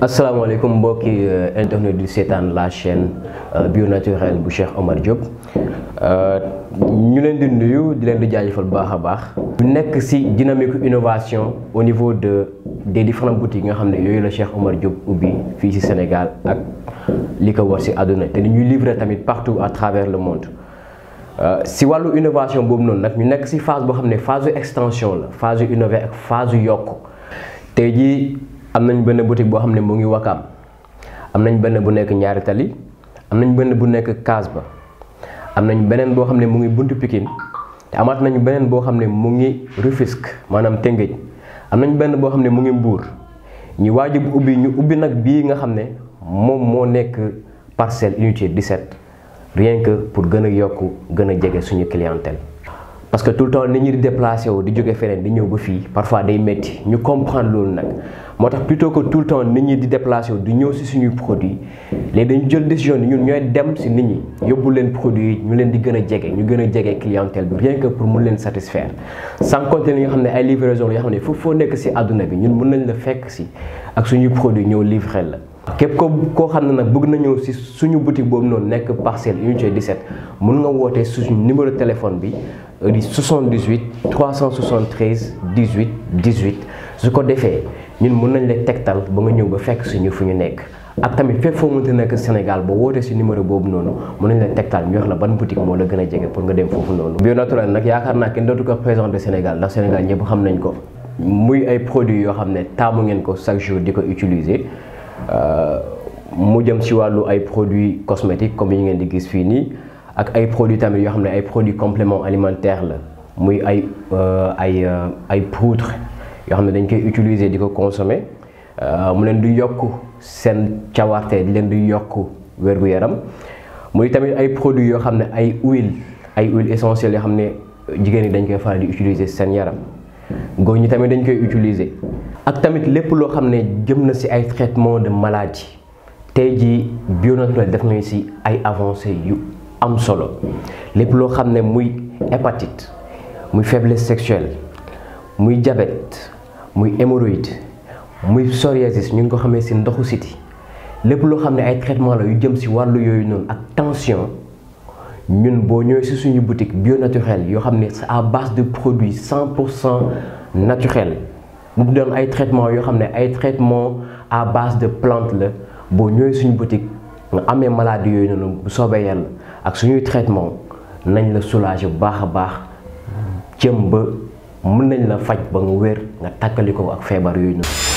asalaamaaleykum mbokki euh, internet du seetaan la chaîne euh, bio naturel bu Cheikh Omar Diop euh, ñu leen di nuyu di leen di jaajëfal baax a baax. ñu nekk ci dynamique innovation au niveau de des différentes boutiques yi nga xam ne yooyu la Cheikh Omar Diop ubbi fii ci Sénégal ak li ko war ci àdduna te ni ñuy livrer tamit partout à travers le monde. si wàllu innovation boobu noonu nag ñu nekk si phase boo xam ne phase extension la phase innover ak phase yokk tey jii am nañ benn boutique boo xam ne mu ngi Wakaam am nañ benn bu nekk ñaari tali am nañ benn bu nekk kaas ba am nañ beneen boo xam ne mu ngi buntu pikin te amaat nañu beneen boo xam ne mu ngi Rufisque maanaam Tëngéej am nañ benn boo xam ne mu ngi Mbour ñu waaj ubbi ñu ubbi nag bii nga xam ne moom moo nekk parcelle unité 17 rien que pour gën a yokk gën a jege suñu clientèle. parce que tout le temps nit ñi di déplacé wu di jóge feneen di ñëw ba fii parfois day métti ñu comprendre loolu nag moo tax plutôt ko tout le temps nit ñi di déplacé wu di ñëw si suñuy produit léegi dañu jël décision ni ñun ñooy dem si nit ñi yóbbu leen produit yi ñu leen di gën a jege ñu gën a jege clientèle bi rien que pour mun leen satisfaire sans compter li nga xam ne ay livraison la yoo xam ne foofu foo nekk si àdduna bi ñun mun nañu la fekk si ak suñuy produit ñëw livré la. képp ko koo xam ne nag bëgg na ñëw suñu boutique boobu noonu nekk parcelle unité 17 mun nga woote suñu numéro téléphone bi euh, di 78 373 18 18 su ko defee ñun mun nañ la tegtal ba nga ñëw ba fekk suñu fu ñu nekk. ak tamit fépp foo mënta nekk Sénégal ba woote si numéro boobu noonu mun nañ la tegtal ñu wax la ban boutique moo la gën a jege pour nga dem foofu noonu. bio naturel nag yaakaar naa kenn dootu ko présenté Sénégal ndax Sénégal ñëpp xam nañ ko muy ay produits yoo xam ne taamu ngeen ko chaque jour di ko utiliser. Euh, mu jëm ci wàllu ay produits cosmétiques comme yi ngeen di gis fii nii ak ay produits tamit yoo xam ne ay produits complément alimentaire la muy ay euh, ay euh, ay poudre yoo xam ne dañ koy utiliser di ko consommer mu leen di yokk seen cawarte di leen di yokk wér yaram muy tamit ay produits yoo xam ne ay huile ay huile essentielles yoo xam ne jigéen ñi dañ koy faral di utiliser seen yaram góor ñi tamit dañ koy utiliser ak tamit lépp loo xam ne jëm na ci ay traitement de maladie tey jii bionaturel def nañu ci ay avancées yu am solo lépp loo xam ne muy hépatite muy faiblesse sexuelle muy jabet muy hémorroïde muy psoriasis ñu ngi ko xamee ci ndoxu siti lépp loo xam ne ay traitement la yu jëm ci wàllu yooyu noonu ak tension ñun boo ñëwee si suñu boutique bionaturel yoo xam ne c'est à base de produits 100 pour cent naturels mu doon ay traitement yoo xam ne ay traitement à base de plante la boo ñëwee suñu boutique nga amee maladie yooyu noonu bu soobee yàlla ak suñuy traitement nañ la soulager bu baax a baax jëm ba mun nañ la faj ba nga wér nga takkali ko ak feebar yooyu noonu.